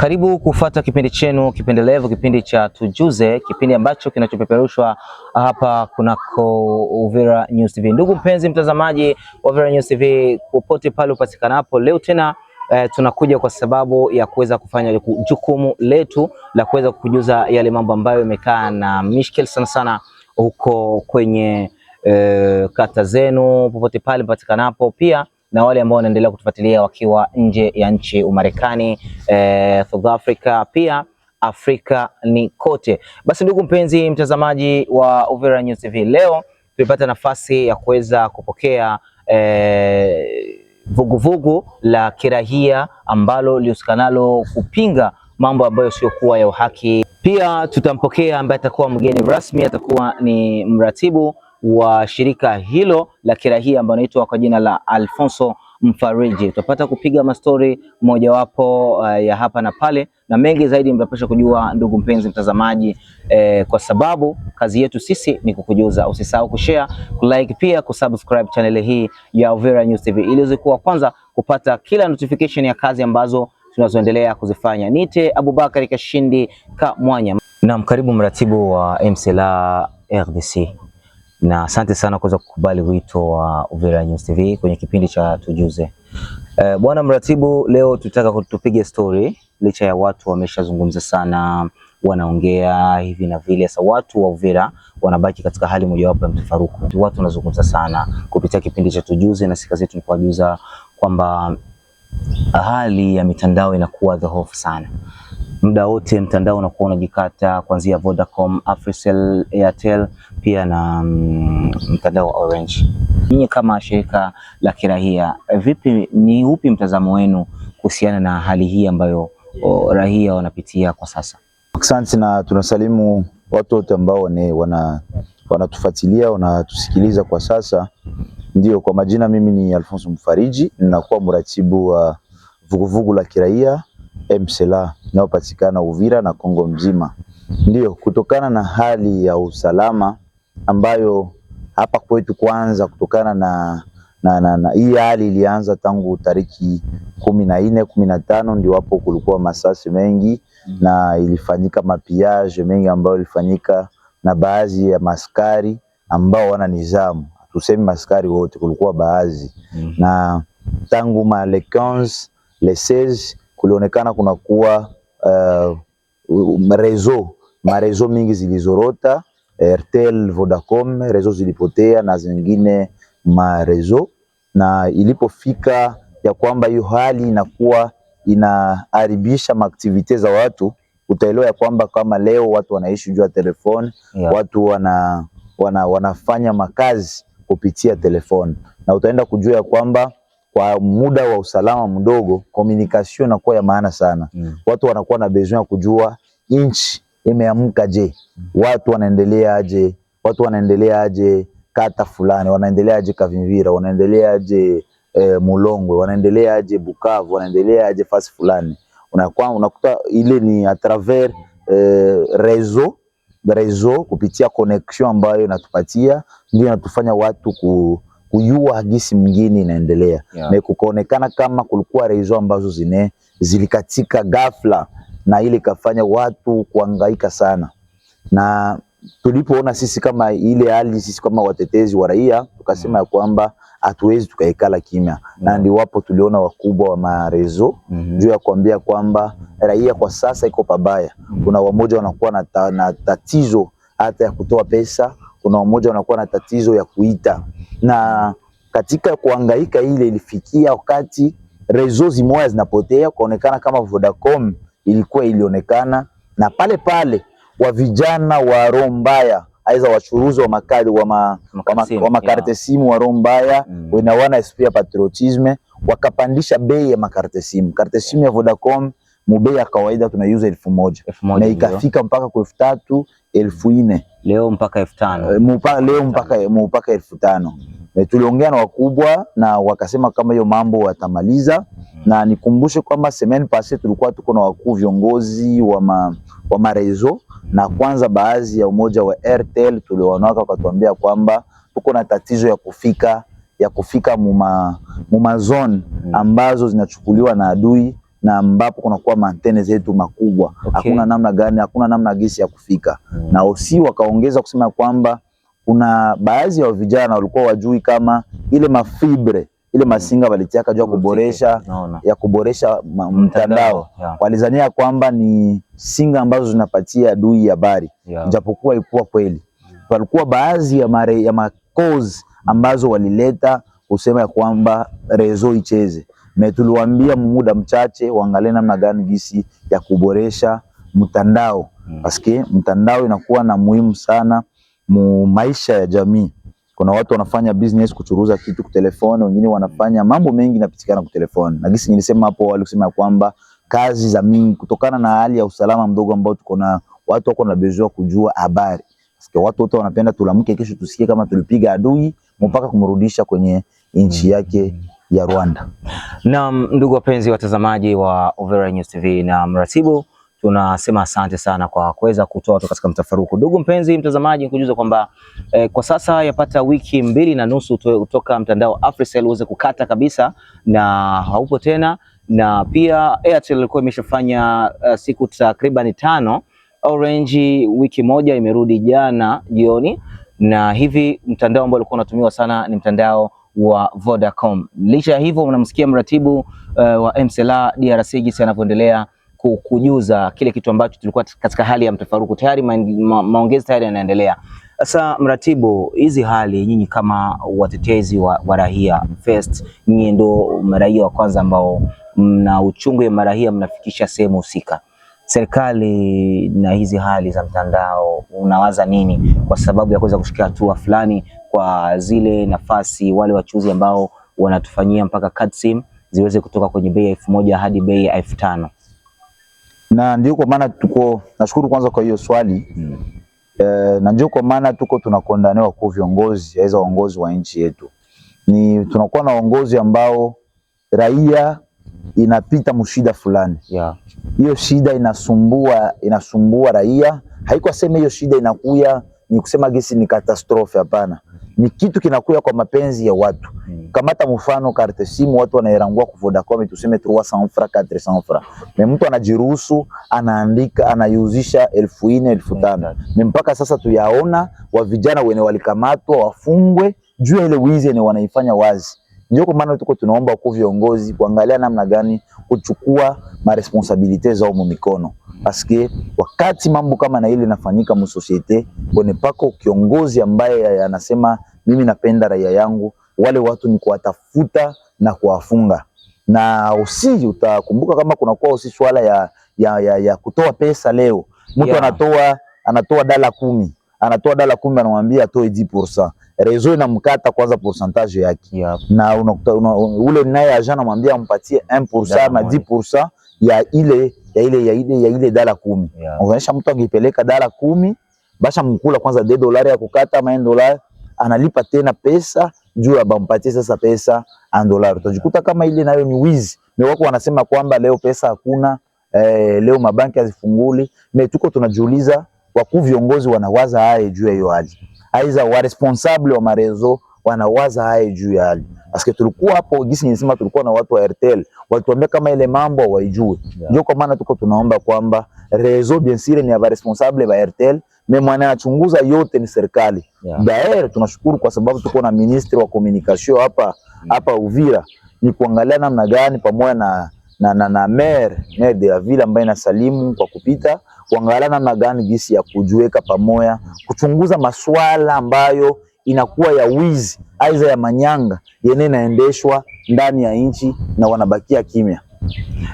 Karibu kufuata kipindi chenu kipendelevu, kipindi cha Tujuze, kipindi ambacho kinachopeperushwa hapa kunako Uvira News TV. Ndugu mpenzi mtazamaji wa Uvira News TV popote pale upatikanapo, leo tena eh, tunakuja kwa sababu ya kuweza kufanya jukumu letu la kuweza kukujuza yale mambo ambayo yamekaa na mishkel sana sana huko kwenye eh, kata zenu popote pale upatikanapo pia na wale ambao wanaendelea kutufuatilia wakiwa nje ya nchi Umarekani, eh, South Africa pia Afrika ni kote. Basi ndugu mpenzi mtazamaji wa Uvira News TV, leo tulipata nafasi ya kuweza kupokea eh, vuguvugu eh, vugu la kirahia ambalo lihusikanalo kupinga mambo ambayo siokuwa ya uhaki. Pia tutampokea ambaye atakuwa mgeni rasmi, atakuwa ni mratibu wa shirika hilo la kirahia ambalo naitwa kwa jina la Alfonso Mfariji. Tutapata kupiga mastori mojawapo uh, ya hapa na pale na mengi zaidi mtapasha kujua, ndugu mpenzi mtazamaji eh, kwa sababu kazi yetu sisi ni kukujuza. Usisahau kushare, kulike pia kusubscribe channel hii ya Uvira News TV ili uzikuwa kwanza kupata kila notification ya kazi ambazo tunazoendelea kuzifanya. Nite Abubakari Kashindi Kamwanya, Naam, karibu mratibu wa MCLA RDC na asante sana kuweza kukubali wito wa Uvira News TV kwenye kipindi cha Tujuze. E, bwana mratibu, leo tutaka kutupige story, licha ya watu wameshazungumza sana, wanaongea hivi na vile. Sasa watu wa Uvira wanabaki katika hali mojawapo ya mtafaruku, watu wanazungumza sana kupitia kipindi cha Tujuze na sika zetu ni kuwajuza kwamba hali ya mitandao inakuwa dhoofu sana muda wote mtandao unakuwa unajikata kuanzia Vodacom, Africell, Airtel pia na mm, mtandao wa Orange. Nyinyi kama shirika la kirahia, vipi, ni upi mtazamo wenu kuhusiana na hali hii ambayo rahia wanapitia kwa sasa? Asante na tunasalimu watu wote ambao wana wanatufuatilia wanatusikiliza kwa sasa. Ndio, kwa majina mimi ni Alfonso Mfariji, ninakuwa mratibu wa vuguvugu la kiraia MCLA inayopatikana Uvira na Kongo mzima. Ndiyo, kutokana na hali ya usalama ambayo hapa kwetu kwanza, kutokana na na, na, na hii hali ilianza tangu tariki kumi na nne kumi na tano ndio hapo kulikuwa masasi mengi mm. na ilifanyika mapiage mengi ambayo ilifanyika na baadhi ya maskari ambao wana nizamu, tusemi maskari wote, kulikuwa baadhi mm. na tangu ma le 15 le 16 kulionekana kunakuwa uh, eh, rezo marezo mingi zilizorota RTL, Vodacom, rezo zilipotea na zingine marezo, na ilipofika ya kwamba hiyo hali inakuwa inaharibisha maaktivite za watu, utaelewa ya kwamba kama leo watu wanaishi juu ya telefoni yeah. Watu wana, wana, wanafanya makazi kupitia telefoni na utaenda kujua ya kwamba kwa muda wa usalama mdogo, communication inakuwa ya maana sana mm. Watu wanakuwa na besoin kujua inchi imeamka je, mm. watu wanaendelea aje, watu wanaendelea aje kata fulani, wanaendelea aje Kavimvira, wanaendelea aje e, Mulongwe, wanaendelea aje Bukavu, wanaendelea aje fasi fulani. Unakuwa unakuta ile ni a travers e, rezo rezo kupitia connection ambayo inatupatia ndio inatufanya watu ku kujua gisi mgini inaendelea yeah. Na kukaonekana kama kulikuwa rezo ambazo zine zilikatika ghafla, na ile ikafanya watu kuangaika sana, na tulipoona sisi kama ile hali, sisi kama watetezi wa raia tukasema ya mm. kwamba hatuwezi tukaikala kimya mm. na ndiwapo tuliona wakubwa wa marezo mm -hmm. juu ya kuambia kwamba raia kwa sasa iko pabaya mm -hmm. kuna wamoja wanakuwa na, ta, na tatizo hata ya kutoa pesa kuna mmoja unakuwa na tatizo ya kuita, na katika kuangaika ile ilifikia wakati rezo zimoya zinapotea kuonekana kama Vodacom ilikuwa ilionekana, na pale pale wa vijana wa roho mbaya aiza wachuruzi wa makadi wa, ma, wa, ma, wa makarte simu wa roho mbaya mm. Wena wana esprit ya patriotisme wakapandisha bei ya makarte simu karte simu ya Vodacom mubei ya kawaida tunaiuza elfu moja na ikafika mpaka kwa elfu tatu elfu nne leo mpaka elfu tano eh, Mupa, leo mpaka mpaka elfu tano eh, tuliongea na wakubwa na wakasema kama hiyo mambo watamaliza. mm -hmm. Na nikumbushe kwamba semaine passée tulikuwa tuko na wakuu viongozi wa ma, wa marezo na kwanza baadhi ya umoja wa RTL tulionaka wakatuambia kwamba tuko na tatizo ya kufika ya kufika muma, muma zone mhm. ambazo zinachukuliwa na adui na ambapo kunakuwa mantene zetu makubwa okay. Hakuna namna gani, hakuna namna gisi ya kufika mm. Na osi wakaongeza kusema kwamba kuna baadhi ya vijana walikuwa wajui kama ile mafibre ile mm. masinga walitiaka juu ya kuboresha ya kuboresha mtandao yeah. Walizania kwamba ni singa ambazo zinapatia adui habari yeah. Japokuwa ilikuwa kweli walikuwa baadhi ya mare, ya makozi ambazo walileta kusema ya kwamba rezo icheze na tuliwaambia muda mchache waangalie namna gani gisi ya kuboresha mtandao hmm. paske mtandao inakuwa na muhimu sana mu maisha ya jamii. Kuna watu wanafanya business kuchuruza kitu kwa telefoni, wengine wanafanya hmm. mambo mengi napitikana kwa telefoni. Na gisi nilisema hapo, wale walisema kwamba kazi za mingi kutokana na hali ya usalama mdogo ambao tuko na watu wako na bezoa kujua habari. Sasa watu wote wanapenda tulamke kesho tusikie kama tulipiga adui mpaka kumrudisha kwenye nchi hmm. yake ya Rwanda. Naam, ndugu wapenzi watazamaji wa Uvira News TV na mratibu, tunasema asante sana kwa kuweza kutoa tu katika mtafaruku. Ndugu mpenzi mtazamaji, nikujuza kwamba eh, kwa sasa yapata wiki mbili na nusu kutoka mtandao Africell uweze kukata kabisa na haupo tena, na pia Airtel ilikuwa imeshafanya uh, siku takriban tano. Orange wiki moja imerudi jana jioni, na hivi mtandao ambao ulikuwa unatumiwa sana ni mtandao wa Vodacom. Licha ya hivyo, mnamsikia mratibu uh, wa MCLA DRC jinsi anavyoendelea kukujuza kile kitu ambacho tulikuwa katika hali ya mtafaruku tayari, ma, ma, maongezi tayari yanaendelea. Sasa mratibu, hizi hali nyinyi kama watetezi wa, wa raia first, nyinyi ndio raia wa kwanza ambao mna uchungu ya marahia mnafikisha sehemu husika, serikali na hizi hali za mtandao, unawaza nini kwa sababu ya kuweza kushikia hatua fulani kwa zile nafasi wale wachuzi ambao wanatufanyia mpaka card sim ziweze kutoka kwenye bei ya elfu moja hadi bei ya elfu tano na ndio kwa maana tuko, nashukuru kwanza kwa hiyo swali hmm. E, na ndio kwa maana tuko tunakondanewa kwa viongozi aidha yaani waongozi wa nchi yetu, ni tunakuwa na waongozi ambao raia inapita mshida fulani hiyo yeah. Shida inasumbua inasumbua raia, haiko aseme hiyo shida inakuya ni kusema gesi ni katastrofe, hapana. mm ni kitu kinakuya kwa mapenzi ya watu mm. Kamata mfano karte simu, watu wanairangua ku Vodacom, tuseme 300 francs 400 francs, me mtu anajiruhusu anaandika anayuzisha elfu ine elfu mm, tano mm. mpaka sasa tuyaona wa vijana wene walikamatwa wafungwe juu ya ile wizi yenye wanaifanya wazi. Ndio kwa maana tuko tunaomba kwa viongozi kuangalia namna gani kuchukua maresponsabilite zao mu mikono parce wakati mambo kama na ile inafanyika mu societe, kone pako kiongozi ambaye anasema mimi napenda raia yangu, wale watu ni kuwatafuta na kuwafunga. Na usi utakumbuka kama kuna kwa usi swala ya, ya, ya, ya kutoa pesa leo mtu yeah, anatoa anatoa dala kumi anatoa dala kumi anamwambia atoe 10% rezo inamkata kwanza pourcentage yake yeah. Na unakuta, una, ule naye ajana anamwambia ampatie 1% yeah, ama 10% ya ile ya ile ya ile ya ile dala kumi yeah. Unaonyesha mtu angepeleka dala kumi basha mkula kwanza de dolari ya kukata ama dolari analipa tena pesa juu abampatie sasa pesa an dolari, utajikuta kama ile nayo ni wizi. Ni wako wanasema kwamba leo pesa hakuna eh, leo mabanki hazifunguli. Me tuko tunajiuliza wakuu viongozi wanawaza aye juu ya hiyo hali, aiza wa responsable wa marezo wanawaza haya juu ya hali Aske tulikuwa hapo gisi nisema tulikuwa na watu wa RTL walituambia kama ile mambo waijue, yeah. Ndio kwa maana tuko tunaomba kwamba rezo bien sûr ni ava responsable ba RTL me mwana achunguza yote ni serikali yeah. Daer tunashukuru kwa sababu tuko na ministri wa communication hapa mm. hapa Uvira, ni kuangalia namna gani pamoja na na na, na maire maire de la ville ambaye nasalimu kwa kupita kuangalia namna gani gisi ya kujiweka pamoja kuchunguza maswala ambayo inakuwa ya wizi aidha ya manyanga yenye inaendeshwa ndani ya nchi na wanabakia kimya.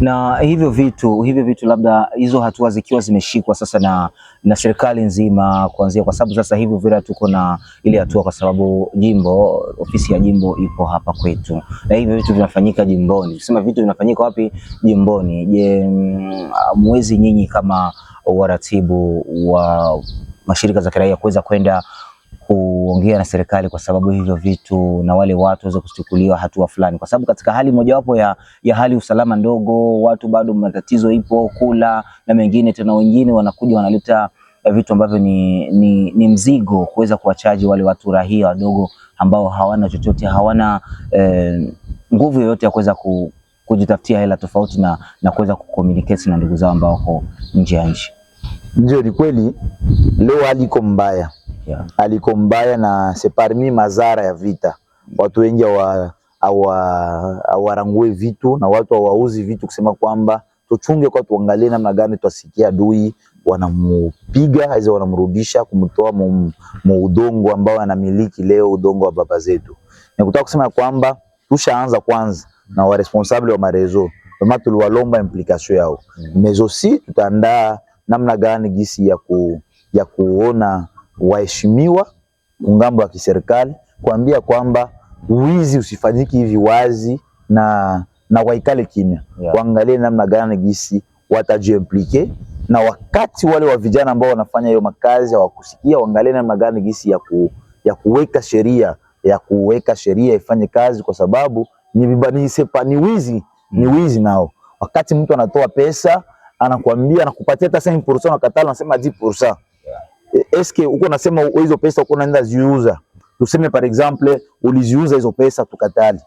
Na hivyo vitu hivyo vitu, labda hizo hatua zikiwa zimeshikwa sasa na, na serikali nzima kuanzia, kwa sababu sasa hivi Uvira tuko na ile hatua, kwa sababu jimbo, ofisi ya jimbo ipo hapa kwetu, na hivyo vitu vinafanyika jimboni. Sema vitu vinafanyika wapi? Jimboni. Je, mm, mwezi nyinyi kama waratibu wa mashirika za kiraia kuweza kwenda kuongea na serikali kwa sababu hivyo vitu na wale watu waweze kuchukuliwa hatua fulani, kwa sababu katika hali mojawapo ya, ya hali usalama ndogo, watu bado matatizo ipo kula na mengine tena, wengine wanakuja wanaleta eh, vitu ambavyo ni, ni, ni mzigo kuweza kuwachaji wale watu rahia wadogo ambao hawana chochote, hawana eh, nguvu yoyote ya kuweza ku, kujitafutia hela tofauti na, na kuweza kucommunicate na ndugu zao ambao wako nje ya nchi. Ndio, ni kweli leo hali iko mbaya yeah. aliko mbaya na separmi mazara ya vita. Watu wengi awarangue vitu na watu awauzi vitu, kusema kwamba tuchunge kwa tuangalie namna gani twasikia adui wanamupiga aiza wanamrudisha kumtoa muudongo udongo ambao anamiliki leo, udongo wa baba zetu. Nikutaka kusema kwamba tushaanza kwanza na wa responsable wa marezo kama tuliwalomba implication yao mezosi mm. tutaandaa namna gani gisi ya, ku, ya kuona waheshimiwa ngambo ya kiserikali kuambia kwamba wizi usifanyiki hivi wazi na na waikale kimya yeah. Waangalie namna gani gisi watajiimplike na wakati wale wa vijana ambao wanafanya hiyo makazi hawakusikia, waangalie namna gani gisi ya, ku, ya kuweka sheria ya kuweka sheria ifanye kazi, kwa sababu ni bibani sepa ni wizi mm. ni wizi nao. Wakati mtu anatoa pesa anakuambia anakupatia hata 5% na katala anasema 10% eske uko nasema hizo pesa uko naenda ziuza, tuseme par exemple uliziuza hizo pesa tukatali,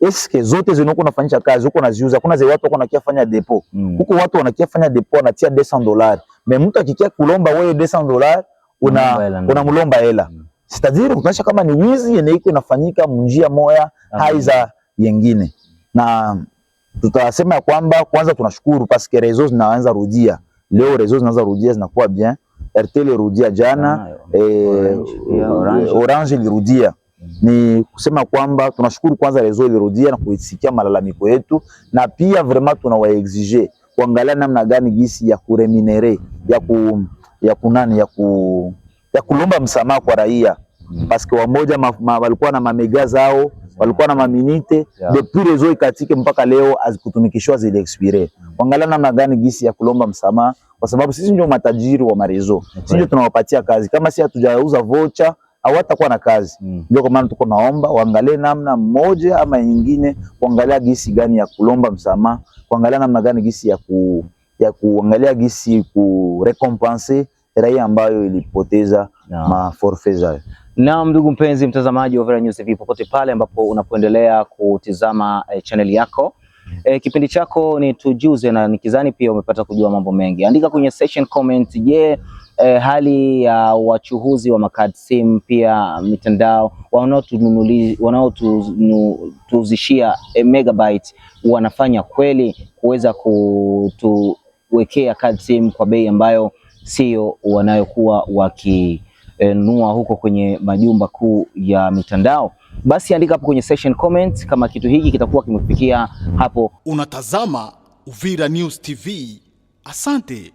eske zote zinoko nafanyisha kazi uko naziuza, Kuna zile watu uko nakia fanya depo mm. huko, watu wanakia fanya depo anatia 200 dollars, mais mtu akikia kulomba wewe 200 dollars una mm, una mlomba hela, mm. sitadiri kuonyesha kama ni wizi yenye iko nafanyika mnjia moya hai za yengine, na tutasema kwamba kwanza tunashukuru parce que rezo zinaanza rudia leo, rezo zinaanza rudia zinakuwa bien RTL ilirudia jana eh, Orange, Orange eh, ilirudia mm. ni kusema kwamba tunashukuru kwanza rezo ilirudia na kuisikia malalamiko yetu, na pia vraiment tunawaexige kuangalia namna gani gisi ya kureminere ya ku, ya kunani ya ku, ya kulomba msamaha kwa raia mm. paske wamoja ma, ma, walikuwa na mamega zao walikuwa na maminite yeah. Depuis rezo ikatike mpaka leo azikutumikishwa zile expire, mm. kuangalia namna gani gisi ya kulomba msamaha kwa sababu sisi ndio matajiri wa Marezo. Okay. Sisi ndio tunawapatia kazi, kama si hatujauza vocha hatakuwa na kazi. Mm. Ndio kwa maana tuko naomba waangalie namna moja ama nyingine, kuangalia gisi gani ya kulomba msamaha, kuangalia namna gani gisi ya ku ya kuangalia gisi ku recompense raia ambayo ilipoteza yeah, maforfe zao. Na ndugu mpenzi mtazamaji wa Vera News TV, popote pale ambapo unapoendelea kutizama eh, channel yako E, kipindi chako ni Tujuze na nikizani pia umepata kujua mambo mengi. Andika kwenye section comment, je, e, hali ya wachuhuzi wa makadi sim pia mitandao wanaotuuzishia e, eh, megabyte wanafanya kweli kuweza kutuwekea kadi sim kwa bei ambayo sio wanayokuwa wakinunua huko kwenye majumba kuu ya mitandao basi andika hapo kwenye session comment kama kitu hiki kitakuwa kimefikia hapo. Unatazama Uvira News TV. Asante.